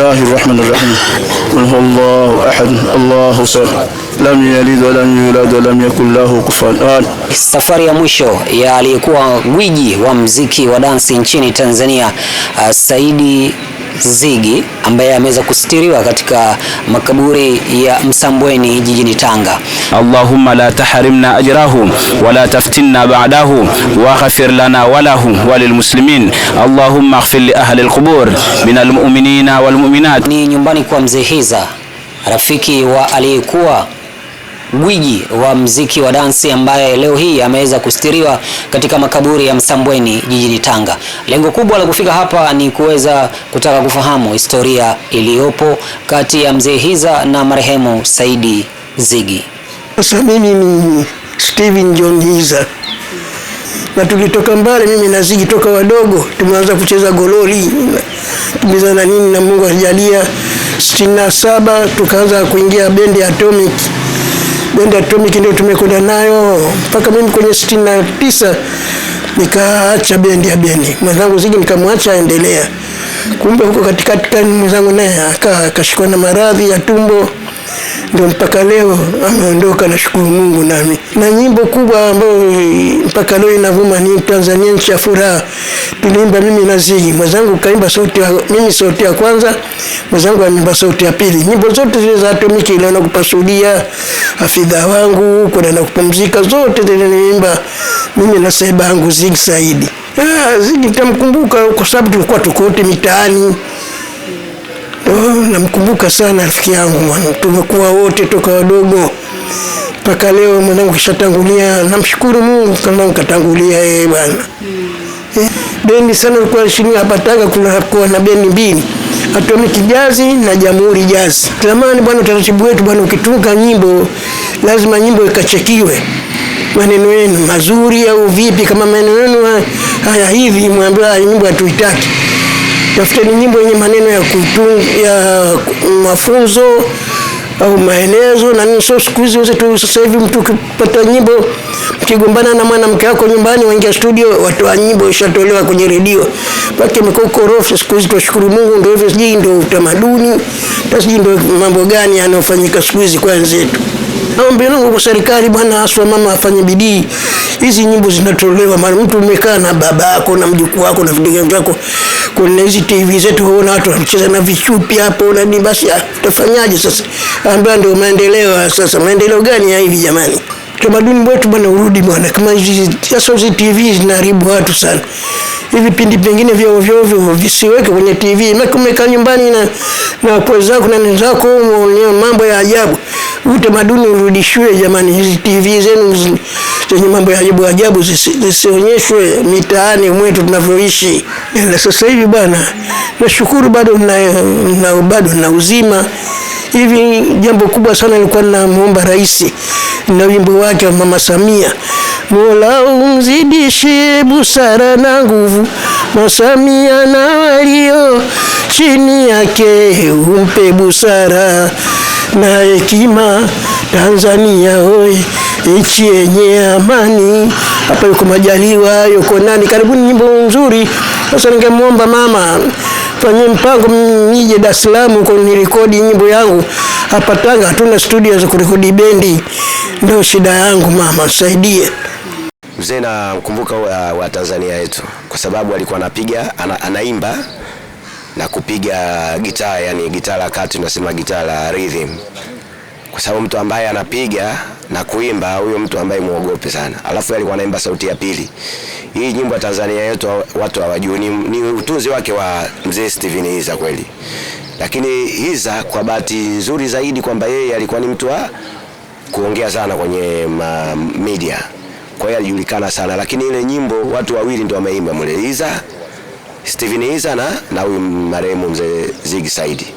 الله الرحمن الرحيم قل هو الله أحد الله صمد lam yalid wa lam yulad wa lam yakul lahu kufuwan ahad. Safari ya mwisho ya aliyekuwa gwiji wa mziki wa dansi nchini Tanzania uh, Saidi zigi ambaye ameweza kustiriwa katika makaburi ya Msambweni jijini Tanga. Allahumma la tahrimna ajrahu wa la taftinna ba'dahu ghafir lana wa lahu wa lilmuslimin Allahumma ighfir li ahli alqubur min almu'minina walmu'minat. Ni nyumbani kwa mzee Hiza, rafiki wa aliyekuwa gwiji wa mziki wa dansi ambaye leo hii ameweza kustiriwa katika makaburi ya Msambweni jijini Tanga. Lengo kubwa la kufika hapa ni kuweza kutaka kufahamu historia iliyopo kati ya mzee Hiza na marehemu Saidi Zigi. Sasa mimi ni Steven John Hiza na tulitoka mbali, mimi na Zigi toka wadogo, tumeanza kucheza golori tumeza na nini, na Mungu alijalia sitini na saba tukaanza kuingia bendi ya Atomic bendi atomiki ndio tumekwenda nayo mpaka mimi kwenye sitini na tisa nikaacha bendi ya Beni, mwenzangu Zigi nikamwacha aendelea. Kumbe huko katikati mwenzangu naye akashikwa na maradhi ya tumbo ndio mpaka leo ameondoka, nashukuru Mungu nami. Na nyimbo kubwa ambayo mpaka leo inavuma ni Tanzania nchi ya furaha, tuliimba mimi na Ziggy, mwenzangu kaimba sauti ya mimi, sauti ya kwanza, mwenzangu ameimba sauti ya pili. Nyimbo zote zile za atomiki, ile nakupasudia, afidha wangu, kuna na kupumzika, zote zile nimeimba mimi na saiba yangu Ziggy Saidi. Ah, Ziggy tamkumbuka kwa sababu tulikuwa tukote mitaani namkumbuka sana rafiki yangu mwana, tumekuwa wote toka wadogo mpaka leo. Mwanangu kishatangulia, namshukuru Mungu kama katangulia yeye bwana. Hmm. Eh, bendi sana ilikuwa chini hapa Tanga, kuna kwa na bendi mbili Atomiki Jazi na Jamhuri Jazi. Zamani bwana, utaratibu wetu bwana, ukitunga nyimbo lazima nyimbo ikachekiwe maneno yenu mazuri au vipi, kama maneno yenu haya hivi, mwambie ah, nyimbo hatuitaki Tafuteni nyimbo yenye maneno ya kutunga, ya mafunzo au maelezo na nini. Sio siku hizi wote tu, sasa hivi mtu ukipata nyimbo, mkigombana na mwanamke wako nyumbani, waingia studio, watoa nyimbo ishatolewa kwenye redio, pake imekuwa ukorofi siku hizi. tunashukuru Mungu, ndio hivyo. Sijui ndio utamaduni, sijui ndio mambo gani yanayofanyika siku hizi kwa wenzetu. Naomba Mungu kwa serikali bwana, aswa mama afanye bidii. Hizi nyimbo zinatolewa mara, mtu umekaa na baba yako na mjukuu wako na vidogo vyako kuna hizi TV zetu huona watu wanacheza na vichupi hapo na nini, basi ah, tutafanyaje sasa? Ambayo ndio maendeleo sasa. Maendeleo gani ya hivi jamani? tamaduni wetu bwana urudi bwana, kama hizi sasa hizi TV zinaharibu watu sana. Hivi vipindi vingine vya ovyo ovyo visiweke kwenye TV. Na kumekaa nyumbani na na kwa zako na nzako unaona mambo ya ajabu. Utamaduni urudishwe jamani, hizi TV zenu zenye mambo ya ajabu ajabu zisionyeshwe mitaani mwetu tunavyoishi. Na sasa hivi bwana, nashukuru bado na, na bado na uzima. Hivi jambo kubwa sana nilikuwa namwomba rais na wimbo wake wa Mama Samia, Mola umzidishie busara na nguvu masamia na walio chini yake umpe busara na hekima. Tanzania oye, nchi yenye amani. Hapa yuko Majaliwa, yuko nani? Karibuni, nyimbo nzuri. Sasa ningemwomba mama mfanyie mpango mje Dar es Salaam huko nirekodi nyimbo yangu. Hapa Tanga hatuna studio za kurekodi bendi, ndio shida yangu mama, saidie mzee. Namkumbuka wa, uh, wa Tanzania yetu kwa sababu alikuwa anapiga ana, anaimba na kupiga gitaa, yani gitaa la kati tunasema gitaa la rhythm, kwa sababu mtu ambaye anapiga na kuimba huyo mtu ambaye muogope sana, alafu alikuwa anaimba sauti ya pili. Hii nyimbo ya Tanzania yetu watu hawajui, ni, ni utunzi wake wa mzee Steven Iza kweli, lakini Iza kwa bahati nzuri zaidi kwamba yeye alikuwa ni mtu wa kuongea sana kwenye ma media, kwa hiyo alijulikana sana, lakini ile nyimbo watu wawili ndio wameimba mule, Iza Steven Iza na na huyu marehemu mzee Ziggy Saidi.